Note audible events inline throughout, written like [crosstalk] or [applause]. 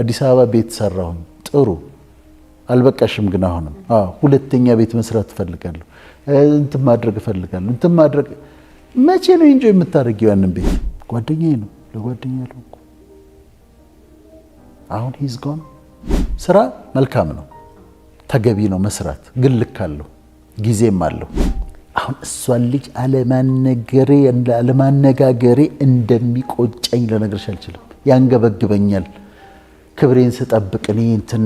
አዲስ አበባ ቤት ሰራሁኝ። ጥሩ አልበቃሽም፣ ግን አሁንም ሁለተኛ ቤት መስራት እፈልጋለሁ፣ እንትን ማድረግ እፈልጋለሁ፣ እንትን ማድረግ መቼ ነው እንጆ የምታደርጊው? ያንን ቤት ጓደኛዬ ነው ለጓደኛ ያለው አሁን ሂዝ ጎን። ስራ መልካም ነው፣ ተገቢ ነው መስራት፣ ግን ልክ አለው፣ ጊዜም አለው። አሁን እሷን ልጅ አለማነገሬ አለማነጋገሬ እንደሚቆጨኝ ልነግርሽ አልችልም። ያንገበግበኛል። ክብሬን ስጠብቅ እኔ እንትን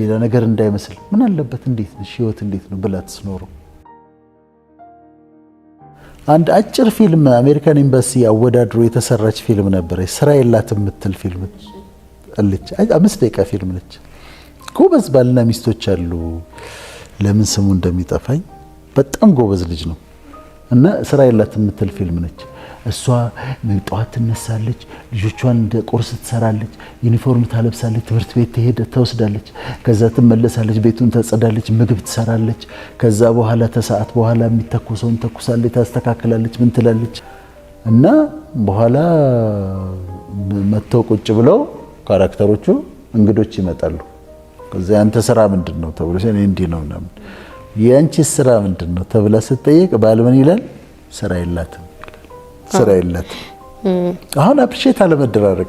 ሌላ ነገር እንዳይመስል ምን አለበት፣ እንዴት ነሽ፣ ህይወት እንዴት ነው ብላ ትስኖሩ። አንድ አጭር ፊልም አሜሪካን ኤምባሲ አወዳድሮ የተሰራች ፊልም ነበረች፣ ስራ የላት የምትል ፊልም አለች። አምስት ደቂቃ ፊልም ነች። ጎበዝ ባልና ሚስቶች አሉ። ለምን ስሙ እንደሚጠፋኝ በጣም ጎበዝ ልጅ ነው እና ስራ የላት የምትል ፊልም ነች። እሷ ጠዋት ትነሳለች፣ ልጆቿን እንደ ቁርስ ትሰራለች፣ ዩኒፎርም ታለብሳለች፣ ትምህርት ቤት ትሄደ ተወስዳለች፣ ከዛ ትመለሳለች፣ ቤቱን ተጸዳለች ምግብ ትሰራለች። ከዛ በኋላ ተሰዓት በኋላ የሚተኮሰውን ተኩሳለች፣ ታስተካክላለች፣ ምን ትላለች እና በኋላ መጥተው ቁጭ ብለው ካራክተሮቹ እንግዶች ይመጣሉ። ከዚ ያንተ ስራ ምንድን ነው ተብሎ እንዲህ ነው ምናምን የአንቺ ስራ ምንድን ነው ተብላ ስትጠየቅ ባል ምን ይላል? ስራ የላትም ስራ የለት አሁን አፕሪሼት አለመደራረግ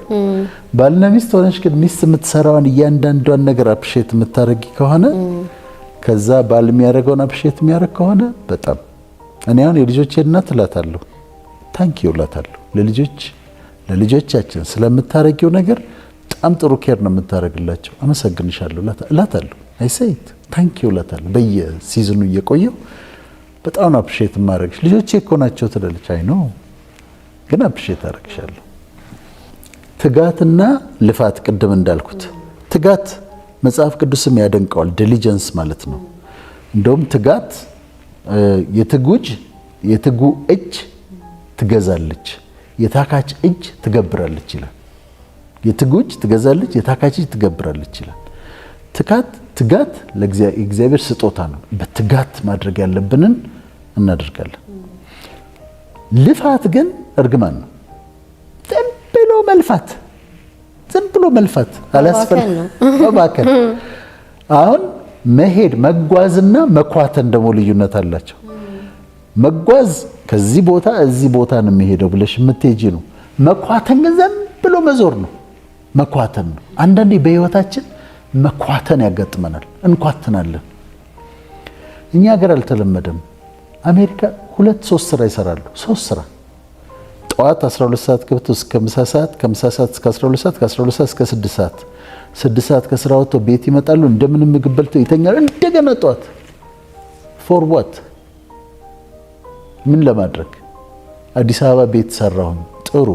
ባልና ሚስት ሆነሽ ግን ሚስት የምትሰራውን እያንዳንዷን ነገር አፕሪሼት የምታደርጊ ከሆነ ከዛ ባል የሚያደርገውን አፕሪሼት የሚያደርግ ከሆነ በጣም እኔ አሁን የልጆች እናት እላታለሁ፣ ታንኪ እላታለሁ። ለልጆች ለልጆቻችን ስለምታረጊው ነገር በጣም ጥሩ ኬር ነው የምታደርግላቸው፣ አመሰግንሻለሁ እላታለሁ። አይሰይት ታንኪ እላታለሁ። በየሲዝኑ እየቆየው በጣም አፕሪሼት ማድረግሽ ልጆቼ እኮ ናቸው ትላለች። አይ ነው ግን አፕሼት አደርግሻለሁ። ትጋትና ልፋት ቅድም እንዳልኩት ትጋት መጽሐፍ ቅዱስም ያደንቀዋል። ዲሊጀንስ ማለት ነው። እንደውም ትጋት የትጉጅ የትጉ እጅ ትገዛለች፣ የታካች እጅ ትገብራለች ይላል። የትጉጅ ትገዛለች፣ የታካች እጅ ትገብራለች ይላል። ትጋት ትጋት ለእግዚአብሔር ስጦታ ነው። በትጋት ማድረግ ያለብንን እናደርጋለን። ልፋት ግን እርግማን ነው። ዝም ብሎ መልፋት ዝም ብሎ መልፋት አላስፈልግ አሁን መሄድ መጓዝና መኳተን ደግሞ ልዩነት አላቸው። መጓዝ ከዚህ ቦታ እዚህ ቦታ ነው የሚሄደው ብለሽ የምትሄጂ ነው። መኳተን ግን ዝም ብሎ መዞር ነው፣ መኳተን ነው። አንዳንዴ በህይወታችን መኳተን ያጋጥመናል፣ እንኳትናለን። እኛ ሀገር አልተለመደም። አሜሪካ ሁለት ሶስት ስራ ይሰራሉ፣ ሶስት ስራ ጠዋት 12 ሰዓት ገብቶ እስከ ምሳ ሰዓት፣ ከምሳ ሰዓት እስከ 12 ሰዓት፣ ከ12 ሰዓት እስከ 6 ሰዓት፣ 6 ሰዓት ከስራ ወጥቶ ቤት ይመጣሉ። እንደምን ምግብ በልቶ ይተኛሉ። እንደገና ጠዋት ፎር ዋት? ምን ለማድረግ? አዲስ አበባ ቤት ሰራሁም ጥሩ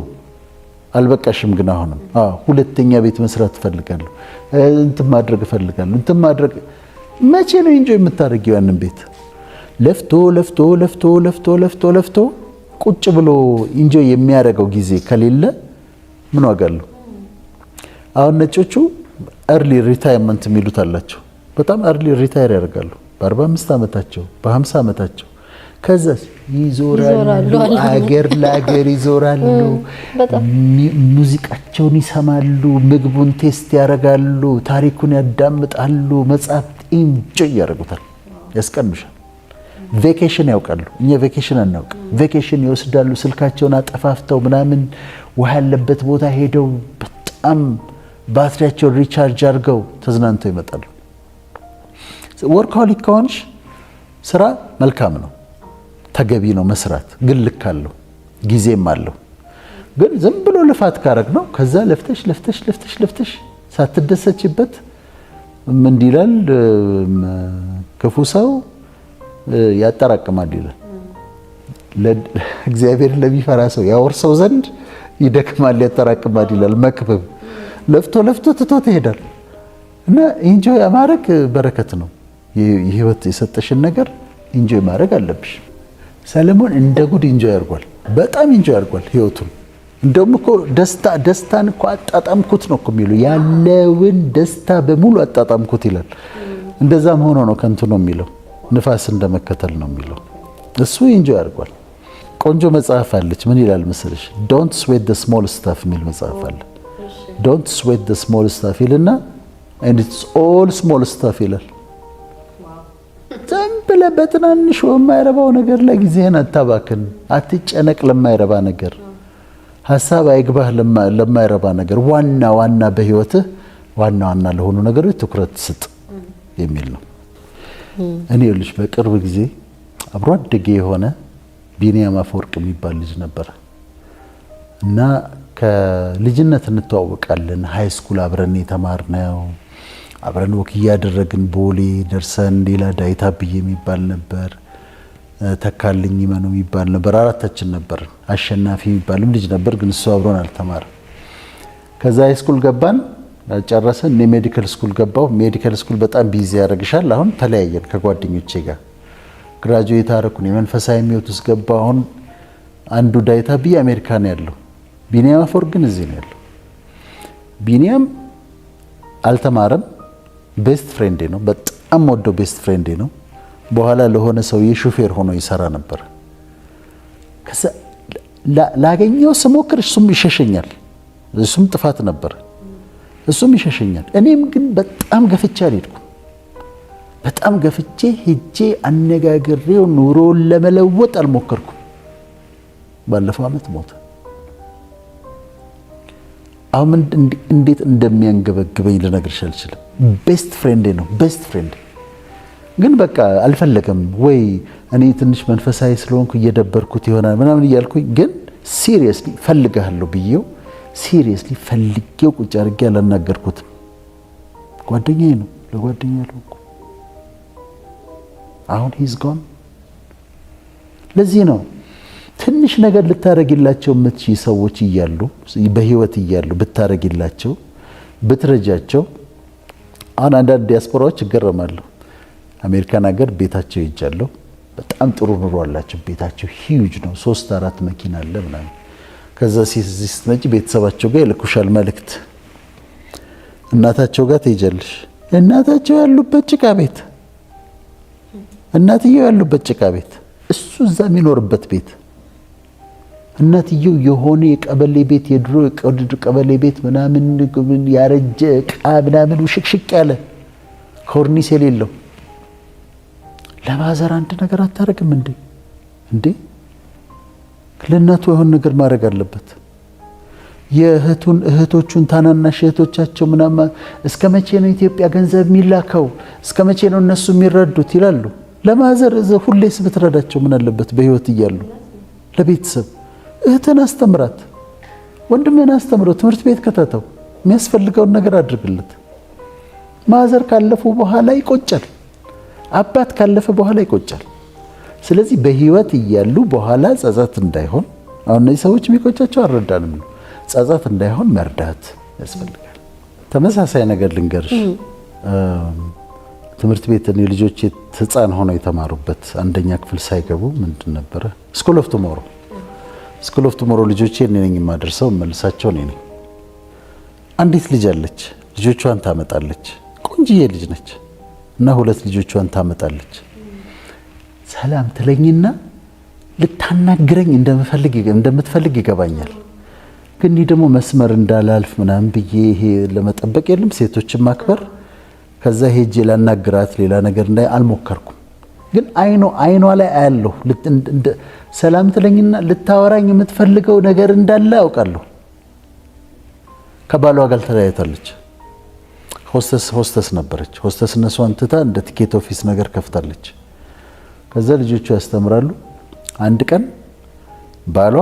አልበቃሽም ግን አሁንም ሁለተኛ ቤት መስራት እፈልጋለሁ፣ እንትን ማድረግ እፈልጋለሁ፣ እንትን ማድረግ። መቼ ነው ኢንጆይ የምታደርጊው ያንን ቤት? ለፍቶ ለፍቶ ለፍቶ ለፍቶ ለፍቶ ለፍቶ ቁጭ ብሎ ኢንጆይ የሚያደርገው ጊዜ ከሌለ ምን ዋጋ አለው? አሁን ነጮቹ እርሊ ሪታይርመንት የሚሉት አላቸው። በጣም እርሊ ሪታይር ያደርጋሉ በ45 ዓመታቸው በ50 ዓመታቸው። ከዛስ ይዞራሉ፣ አገር ለአገር ይዞራሉ፣ ሙዚቃቸውን ይሰማሉ፣ ምግቡን ቴስት ያደርጋሉ፣ ታሪኩን ያዳምጣሉ፣ መጽሐፍ ኢንጆይ ያደርጉታል። ያስቀምሻል ቬኬሽን ያውቃሉ። እኛ ቬኬሽን አናውቅ። ቬኬሽን ይወስዳሉ፣ ስልካቸውን አጠፋፍተው ምናምን ውሃ ያለበት ቦታ ሄደው በጣም ባትሪያቸውን ሪቻርጅ አድርገው ተዝናንተው ይመጣሉ። ወርካሊክ ከሆንሽ ስራ መልካም ነው፣ ተገቢ ነው መስራት። ግን ልክ አለው፣ ጊዜም አለው። ግን ዝም ብሎ ልፋት ካረግ ነው ከዛ ለፍተሽ ለፍተሽ ለፍተሽ ለፍተሽ ሳትደሰችበት ምን ክፉ ሰው ያጠራቅማል ይላል። እግዚአብሔርን ለሚፈራ ሰው ያወርሰው ዘንድ ይደክማል፣ ያጠራቅማል ይላል መክብብ። ለፍቶ ለፍቶ ትቶ ትሄዳል እና ኢንጆይ ማድረግ በረከት ነው። የህይወት የሰጠሽን ነገር ኢንጆይ ማድረግ አለብሽ። ሰለሞን እንደ ጉድ ኢንጆይ አድርጓል። በጣም ኢንጆይ አድርጓል ህይወቱን። እንደውም እኮ ደስታ ደስታን እኮ አጣጣምኩት ነው እኮ የሚሉ ያለውን ደስታ በሙሉ አጣጣምኩት ይላል። እንደዛም ሆኖ ነው ከንቱ ነው የሚለው ንፋስ እንደመከተል ነው የሚለው እሱ ኢንጆ ያርጓል ቆንጆ መጽሐፍ አለች። ምን ይላል መሰለሽ? ዶንት ስዌት ደ ስሞል ስታፍ የሚል መጽሐፍ አለ። ዶንት ስዌት ደ ስሞል ስታፍ ይልና ኤንድ ኢትስ ኦል ስሞል ስታፍ ይላል። ዝም ብለህ በትናንሹ የማይረባው ነገር ላይ ጊዜህን አታባክን። አትጨነቅ ለማይረባ ነገር፣ ሀሳብ አይግባህ ለማይረባ ነገር። ዋና ዋና በህይወትህ ዋና ዋና ለሆኑ ነገሮች ትኩረት ስጥ የሚል ነው። እኔ ልጅ በቅርብ ጊዜ አብሮ አደጌ የሆነ ቢኒያም አፈወርቅ የሚባል ልጅ ነበር እና ከልጅነት እንተዋወቃለን። ሀይ ስኩል አብረን የተማርነው አብረን ወክ እያደረግን ቦሌ ደርሰን ሌላ ዳይታ ብዬ የሚባል ነበር፣ ተካልኝ መኑ የሚባል ነበር። አራታችን ነበር። አሸናፊ የሚባልም ልጅ ነበር፣ ግን እሱ አብሮን አልተማርም። ከዛ ሀይ ስኩል ገባን። ጨረሰ እኔ ሜዲካል ስኩል ገባሁ። ሜዲካል ስኩል በጣም ቢዚ ያደርግሻል። አሁን ተለያየን ከጓደኞቼ ጋር ግራጁዌት አደረኩ። የመንፈሳዊ ህይወት ውስጥ ገባሁ። አሁን አንዱ ዳይታ ብዬ አሜሪካ ነው ያለው። ቢኒያም አፈወር ግን እዚህ ነው ያለው። ቢኒያም አልተማረም። ቤስት ፍሬንዴ ነው፣ በጣም ወደው ቤስት ፍሬንዴ ነው። በኋላ ለሆነ ሰውዬ ሹፌር ሆኖ ይሰራ ነበር። ላገኘው ስሞክር እሱም ይሸሸኛል። እሱም ጥፋት ነበር። እሱም ይሸሸኛል። እኔም ግን በጣም ገፍቼ አልሄድኩ በጣም ገፍቼ ሄጄ አነጋግሬው ኑሮውን ለመለወጥ አልሞከርኩም። ባለፈው ዓመት ሞተ። አሁን እንዴት እንደሚያንገበግበኝ ልነግርሽ አልችልም። ቤስት ፍሬንዴ ነው፣ ቤስት ፍሬንዴ ግን በቃ አልፈለገም ወይ እኔ ትንሽ መንፈሳዊ ስለሆንኩ እየደበርኩት ይሆናል ምናምን እያልኩኝ ግን ሲሪየስሊ ፈልግሃለሁ ብዬው ሲሪየስሊ ፈልጌው ቁጭ አድርጌ አላናገርኩትም። ጓደኛዬ ነው፣ ለጓደኛ ያለው እኮ አሁን ሂዝ ጎን። ለዚህ ነው ትንሽ ነገር ልታረግላቸው የምትችይ ሰዎች እያሉ በህይወት እያሉ ብታረግላቸው ብትረጃቸው። አሁን አንዳንድ ዲያስፖራዎች ይገረማሉ። አሜሪካን ሀገር ቤታቸው ይጃለሁ፣ በጣም ጥሩ ኑሮ አላቸው። ቤታቸው ሂዩጅ ነው፣ ሶስት አራት መኪና አለ ምናምን ከዛ እዚህ ስትመጪ ቤተሰባቸው ጋር ይልኩሻል መልእክት። እናታቸው ጋር ትሄጃለሽ። እናታቸው ያሉበት ጭቃ ቤት፣ እናትየው ያሉበት ጭቃ ቤት፣ እሱ እዛ የሚኖርበት ቤት እናትየው የሆነ የቀበሌ ቤት የድሮ ቀበሌ ቤት ምናምን ያረጀ እቃ ምናምን ውሽቅሽቅ ያለ ኮርኒስ የሌለው ለማዘር አንድ ነገር አታረግም እንዴ እንዴ? ለእናቱ የሆን ነገር ማድረግ አለበት። የእህቱን እህቶቹን ታናናሽ እህቶቻቸው ምናምን እስከ መቼ ነው ኢትዮጵያ ገንዘብ የሚላከው? እስከ መቼ ነው እነሱ የሚረዱት ይላሉ። ለማዘር ሁሌስ ብትረዳቸው ምን አለበት? በህይወት እያሉ ለቤተሰብ እህትን አስተምራት፣ ወንድምህን አስተምረው፣ ትምህርት ቤት ከተተው፣ የሚያስፈልገውን ነገር አድርግለት። ማዘር ካለፉ በኋላ ይቆጫል። አባት ካለፈ በኋላ ይቆጫል። ስለዚህ በህይወት እያሉ በኋላ ጸጸት እንዳይሆን አሁን እነዚህ ሰዎች የሚቆጫቸው አልረዳንም ነው። ጸጸት እንዳይሆን መርዳት ያስፈልጋል። ተመሳሳይ ነገር ልንገርሽ። ትምህርት ቤት እኔ ልጆች ህፃን ሆነው የተማሩበት አንደኛ ክፍል ሳይገቡ ምንድን ነበረ ስኩል ኦፍ ቱሞሮ ስኩል ኦፍ ቱሞሮ ልጆቼ እኔ ነኝ የማደርሰው፣ መልሳቸው እኔ ነኝ። አንዲት ልጅ አለች፣ ልጆቿን ታመጣለች። ቆንጅዬ ልጅ ነች እና ሁለት ልጆቿን ታመጣለች። ሰላም ትለኝና ልታናግረኝ እንደምትፈልግ ይገባኛል። ግን እኔ ደግሞ መስመር እንዳላልፍ ምናምን ብዬ ይሄ ለመጠበቅ የለም ሴቶችን ማክበር። ከዛ ሄጄ ላናግራት ሌላ ነገር እንዳይ አልሞከርኩም። ግን አይኗ አይኗ ላይ አያለሁ። ሰላም ትለኝና ልታወራኝ የምትፈልገው ነገር እንዳለ አውቃለሁ ከባሏ ጋር ተለያይታለች። ሆስተስ ሆስተስ ነበረች። ሆስተስነሷን ትታ እንደ ቲኬት ኦፊስ ነገር ከፍታለች። ከዛ ልጆቹ ያስተምራሉ። አንድ ቀን ባሏ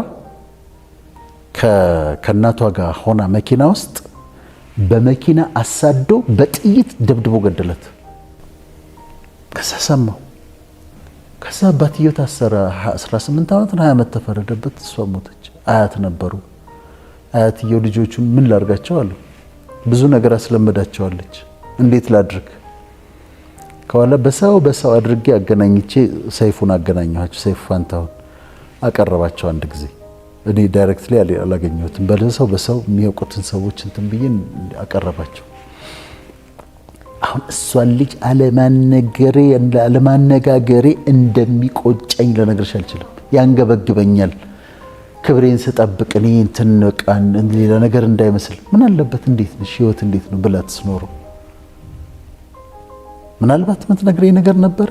ከእናቷ ጋር ሆና መኪና ውስጥ በመኪና አሳዶ በጥይት ደብድቦ ገደለት። ከዛ ሰማው። ከዛ አባትየው ታሰረ። 18 ዓመት ነው ዓመት ተፈረደበት። እሷ ሞተች። አያት ነበሩ። አያትየው ልጆቹን ምን ላርጋቸው አሉ። ብዙ ነገር አስለመዳቸዋለች። እንዴት ላድርግ ከኋላ በሰው በሰው አድርጌ አገናኝቼ ሰይፉን አገናኘኋቸው። ሰይፉ ፋንታሁን አቀረባቸው አንድ ጊዜ እኔ ዳይሬክት ላይ አላገኘሁትም። በሰው በሰው የሚያውቁትን ሰዎች እንትን ብዬ አቀረባቸው። አሁን እሷን ልጅ አለማነገሬ አለማነጋገሬ እንደሚቆጨኝ ልነግርሽ አልችልም። ያንገበግበኛል። ክብሬን ስጠብቅ እኔ እንትን በቃ ሌላ ነገር እንዳይመስል ምን አለበት እንዴት ነሽ ህይወት እንዴት ነው ብላ ትስኖረው ምናልባት ምትነግረኝ ነገር ነበረ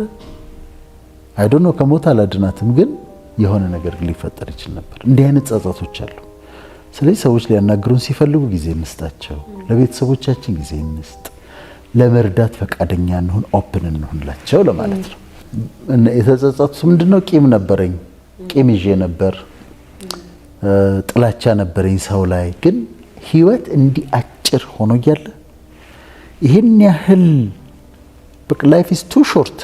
አይ አይዶኖ ከሞት አላድናትም፣ ግን የሆነ ነገር ሊፈጠር ይችል ነበር። እንዲህ አይነት ጸጸቶች አሉ። ስለዚህ ሰዎች ሊያናግሩን ሲፈልጉ ጊዜ እንስጣቸው። ለቤተሰቦቻችን ጊዜ እንስጥ። ለመርዳት ፈቃደኛ እንሁን፣ ኦፕን እንሁንላቸው ለማለት ነው። የተጸጸቱት ምንድነው? ቂም ነበረኝ፣ ቂም ይዤ ነበር፣ ጥላቻ ነበረኝ ሰው ላይ። ግን ህይወት እንዲህ አጭር ሆኖ እያለ ይህን ያህል ላይፍ ኢዝ ቱ ሾርት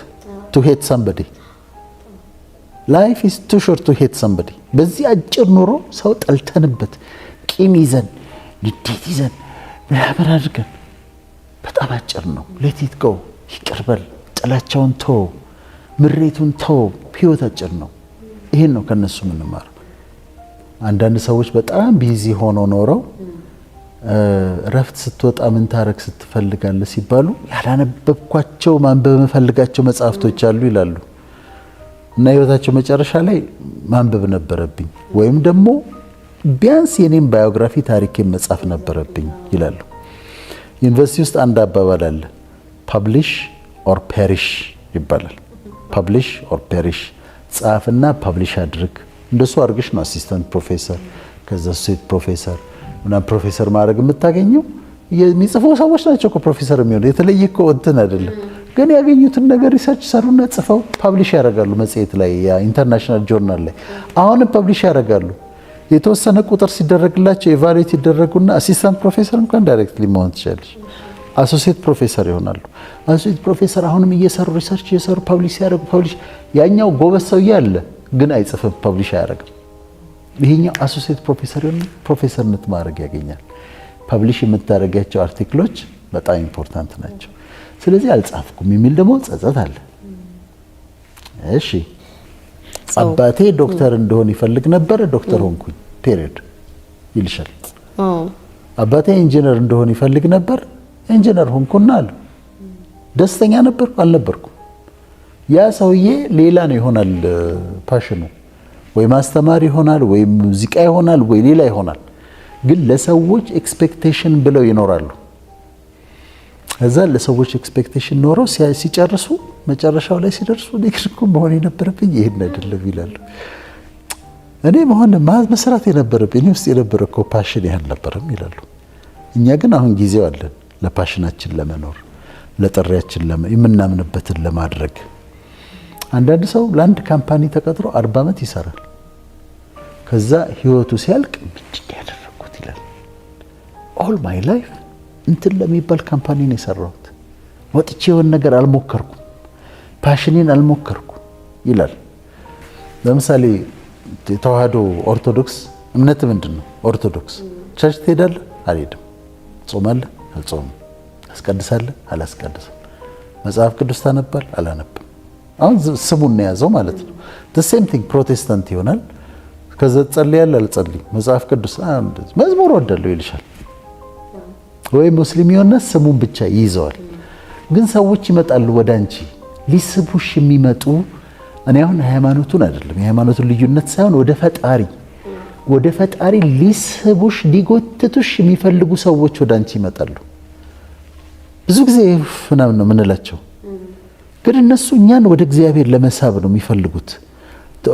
ቱ ሄት ሰምበዲ ላይፍ ኢዝ ቱ ሾርት ቱ ሄት ሰምበዲ። በዚህ አጭር ኑሮ ሰው ጠልተንበት ቂም ይዘን ንዴት ይዘን ምናምን አድርገን በጣም አጭር ነው። ሌቲት ጎ ይቅርበል። ጥላቻውን ተወው፣ ምሬቱን ተወው። ህይወት አጭር ነው። ይሄን ነው ከነሱ የምንማረው። አንዳንድ ሰዎች በጣም ቢዚ ሆነው ኖረው እረፍት ስትወጣ ምን ታረግ ስትፈልጋለ ሲባሉ ያላነበብኳቸው ማንበብ የምፈልጋቸው መጽሐፍቶች አሉ ይላሉ እና ህይወታቸው መጨረሻ ላይ ማንበብ ነበረብኝ ወይም ደግሞ ቢያንስ የኔም ባዮግራፊ ታሪኬን መጻፍ ነበረብኝ ይላሉ። ዩኒቨርሲቲ ውስጥ አንድ አባባል አለ፣ ፐብሊሽ ኦር ፐሪሽ ይባላል። ፐብሊሽ ኦር ፐሪሽ፣ ጻፍና ፐብሊሽ አድርግ። እንደሱ አድርግሽ ነው አሲስታንት ፕሮፌሰር፣ ከዛ ሴት ፕሮፌሰር ምናምን ፕሮፌሰር ማድረግ የምታገኘው የሚጽፉ ሰዎች ናቸው እኮ ፕሮፌሰር የሚሆኑ የተለየ እኮ እንትን አይደለም። ግን ያገኙትን ነገር ሪሰርች ሰሩና ጽፈው ፐብሊሽ ያደርጋሉ፣ መጽሔት ላይ ኢንተርናሽናል ጆርናል ላይ አሁንም ፐብሊሽ ያደርጋሉ። የተወሰነ ቁጥር ሲደረግላቸው ኤቫሉዌት ይደረጉና አሲስታንት ፕሮፌሰር እንኳን ዳይሬክትሊ መሆን ትችላለች። አሶሲየት ፕሮፌሰር ይሆናሉ። አሶሲየት ፕሮፌሰር አሁንም እየሰሩ ሪሰርች እየሰሩ ፐብሊሽ ሲያደርጉ ፐብሊሽ ያኛው ጎበዝ ሰውዬ አለ፣ ግን አይጽፍም፣ ፐብሊሽ አያደርግም። ይሄኛው አሶሲየት ፕሮፌሰርነት ማድረግ ያገኛል። ፐብሊሽ የምታደርጋቸው አርቲክሎች በጣም ኢምፖርታንት ናቸው። ስለዚህ አልጻፍኩም የሚል ደግሞ ጸጸት አለ። እሺ አባቴ ዶክተር እንደሆን ይፈልግ ነበረ፣ ዶክተር ሆንኩኝ ፔሪድ ይልሻል። አባቴ ኢንጂነር እንደሆን ይፈልግ ነበር፣ ኢንጂነር ሆንኩና አለ። ደስተኛ ነበርኩ አልነበርኩም? ያ ሰውዬ ሌላ ነው ይሆናል ፓሽኑ ወይ ማስተማር ይሆናል ወይ ሙዚቃ ይሆናል ወይ ሌላ ይሆናል። ግን ለሰዎች ኤክስፔክቴሽን ብለው ይኖራሉ። እዛ ለሰዎች ኤክስፔክቴሽን ኖረው ሲጨርሱ መጨረሻው ላይ ሲደርሱ ግን መሆን የነበረብኝ ይሄን አይደለም ይላሉ። እኔ መሆን መስራት የነበረብኝ እኔ ውስጥ የነበረ እኮ ፓሽን ይህ አልነበረም ይላሉ። እኛ ግን አሁን ጊዜው አለን ለፓሽናችን ለመኖር ለጥሪያችን የምናምንበትን ለማድረግ። አንዳንድ ሰው ለአንድ ካምፓኒ ተቀጥሮ አርባ ዓመት ይሰራል። ከዛ ህይወቱ ሲያልቅ ምንድን ያደረግኩት ይላል። ኦል ማይ ላይፍ እንትን ለሚባል ካምፓኒ ነው የሰራሁት። ወጥቼ የሆን ነገር አልሞከርኩም፣ ፓሽኔን አልሞከርኩም ይላል። ለምሳሌ የተዋህዶ ኦርቶዶክስ እምነት ምንድን ነው? ኦርቶዶክስ ቸርች ትሄዳለ? አልሄድም። ጾማለ? አልጾምም። አስቀድሳለ? አላስቀድስም። መጽሐፍ ቅዱስ ታነባል? አላነብም። አሁን ስሙን ነው የያዘው ማለት ነው። ሴም ቲንግ ፕሮቴስታንት ይሆናል። ከዛ ትጸልያለህ አልጸልይም፣ መጽሐፍ ቅዱስ መዝሙር ወዳለሁ ይልሻል፣ ወይ ሙስሊም የሆነ ስሙን ብቻ ይይዘዋል። ግን ሰዎች ይመጣሉ ወደ አንቺ ሊስቡሽ የሚመጡ እኔ አሁን ሃይማኖቱን አይደለም የሃይማኖቱን ልዩነት ሳይሆን ወደ ፈጣሪ ወደ ፈጣሪ ሊስቡሽ ሊጎትቱሽ የሚፈልጉ ሰዎች ወደ አንቺ ይመጣሉ። ብዙ ጊዜ ምናምን ነው የምንላቸው፣ ግን እነሱ እኛን ወደ እግዚአብሔር ለመሳብ ነው የሚፈልጉት።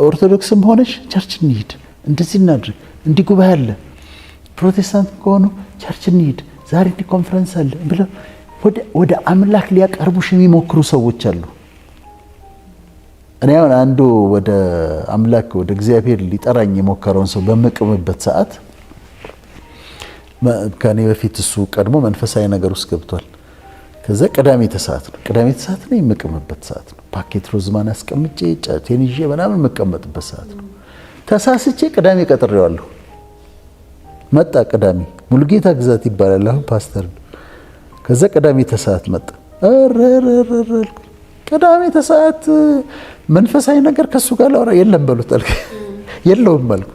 ኦርቶዶክስም ሆነሽ ቸርች እንሂድ፣ እንደዚህ እናድርግ፣ እንዲህ ጉባኤ አለ፣ ፕሮቴስታንት ከሆኑ ቸርች እንሂድ፣ ዛሬ እንዲህ ኮንፈረንስ አለ ብለው ወደ አምላክ ሊያቀርቡሽ የሚሞክሩ ሰዎች አሉ። እኔ አሁን አንዱ ወደ አምላክ ወደ እግዚአብሔር ሊጠራኝ የሞከረውን ሰው በምቅምበት ሰዓት ከኔ በፊት እሱ ቀድሞ መንፈሳዊ ነገር ውስጥ ገብቷል። ከዛ ቅዳሜ ተሰዓት ነው፣ ቅዳሜ ተሰዓት ነው የምቅምበት ሰዓት ነው ፓኬት ሮዝማን አስቀምጬ ጫቴን ይዤ ምናምን የምቀመጥበት ሰዓት ነው። ተሳስቼ ቅዳሜ ቀጥሬዋለሁ። መጣ ቅዳሜ ሙሉጌታ ግዛት ይባላል አሁን ፓስተር። ከዛ ቅዳሜ ተሰዓት መጣ። ቅዳሜ ተሰዓት መንፈሳዊ ነገር ከሱ ጋር ላወራ የለም በሉት አልክ። [laughs] የለውም አልኩ።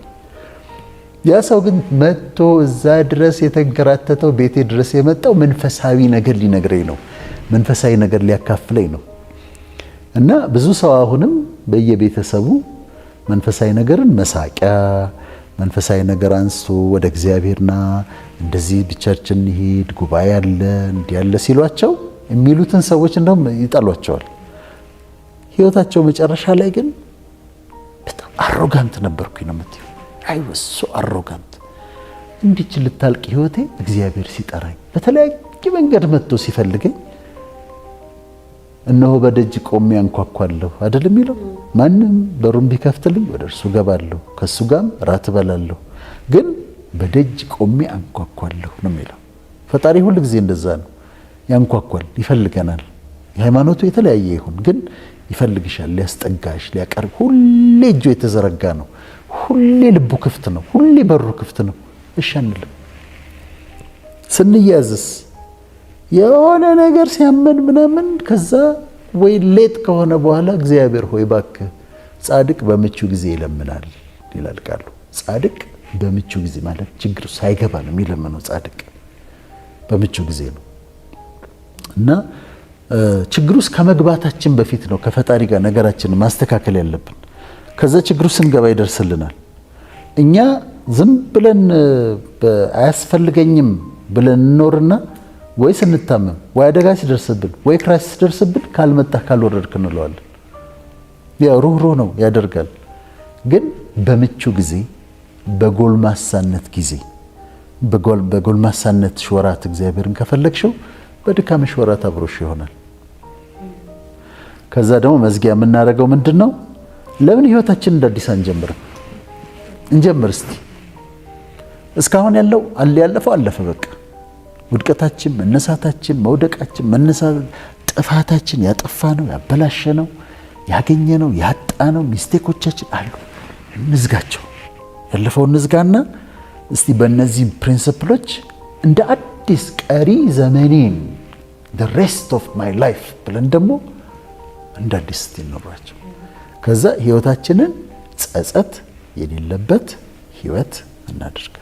ያ ሰው ግን መጥቶ እዛ ድረስ የተንከራተተው ቤቴ ድረስ የመጣው መንፈሳዊ ነገር ሊነግረኝ ነው። መንፈሳዊ ነገር ሊያካፍለኝ ነው። እና ብዙ ሰው አሁንም በየቤተሰቡ መንፈሳዊ ነገርን መሳቂያ መንፈሳዊ ነገር አንስቶ ወደ እግዚአብሔርና እንደዚህ ብቻችን እንሂድ ጉባኤ ያለ እንዲህ ያለ ሲሏቸው የሚሉትን ሰዎች እንደውም ይጠሏቸዋል። ህይወታቸው መጨረሻ ላይ ግን በጣም አሮጋንት ነበርኩኝ ነው የምትይው። አይ ወሶ አሮጋንት እንዲች ልታልቅ ህይወቴ እግዚአብሔር ሲጠራኝ በተለያየ መንገድ መጥቶ ሲፈልገኝ እነሆ በደጅ ቆሜ ያንኳኳለሁ አይደል የሚለው። ማንም በሩን ቢከፍትልኝ ወደ እርሱ ገባለሁ፣ ከእሱ ጋርም ራት እበላለሁ። ግን በደጅ ቆሜ አንኳኳለሁ ነው የሚለው። ፈጣሪ ሁል ጊዜ እንደዛ ነው፣ ያንኳኳል፣ ይፈልገናል። የሃይማኖቱ የተለያየ ይሁን ግን ይፈልግሻል፣ ሊያስጠጋሽ፣ ሊያቀርብ ሁሌ እጁ የተዘረጋ ነው። ሁሌ ልቡ ክፍት ነው። ሁሌ በሩ ክፍት ነው። እሺ አንልም ስንያዝስ የሆነ ነገር ሲያመን ምናምን ከዛ ወይ ሌት ከሆነ በኋላ እግዚአብሔር ሆይ እባክህ ጻድቅ በምቹ ጊዜ ይለምናል ይላል ቃሉ። ጻድቅ በምቹ ጊዜ ማለት ችግር ሳይገባ ነው የሚለምነው። ጻድቅ በምቹ ጊዜ ነው እና ችግር ውስጥ ከመግባታችን በፊት ነው ከፈጣሪ ጋር ነገራችንን ማስተካከል ያለብን። ከዛ ችግሩ ስንገባ ይደርስልናል። እኛ ዝም ብለን አያስፈልገኝም ብለን እንኖርና ወይ ስንታመም ወይ አደጋ ሲደርስብን ወይ ክራይስ ሲደርስብን ካልመጣህ ካልወረድክ እንለዋለን። ያው ሩህሩህ ነው ያደርጋል። ግን በምቹ ጊዜ፣ በጎልማሳነት ጊዜ፣ በጎልማሳነት ወራት እግዚአብሔርን ከፈለግሽው በድካም ሽወራት አብሮሽ ይሆናል። ከዛ ደግሞ መዝጊያ የምናደርገው ምንድን ነው? ለምን ህይወታችን እንደ አዲስ አንጀምርም? እንጀምር እስቲ። እስካሁን ያለው ያለፈው አለፈ በቃ ውድቀታችን፣ መነሳታችን፣ መውደቃችን፣ መነሳ ጥፋታችን፣ ያጠፋ ነው፣ ያበላሸ ነው፣ ያገኘ ነው፣ ያጣ ነው፣ ሚስቴኮቻችን አሉ። እንዝጋቸው። ያለፈውን እንዝጋና እስቲ በእነዚህ ፕሪንስፕሎች እንደ አዲስ ቀሪ ዘመኔን the ሬስት ኦፍ ማይ ላይፍ ብለን ደግሞ እንደ አዲስ እስቲ እንኖራቸው። ከዛ ህይወታችንን ጸጸት የሌለበት ህይወት እናድርግ።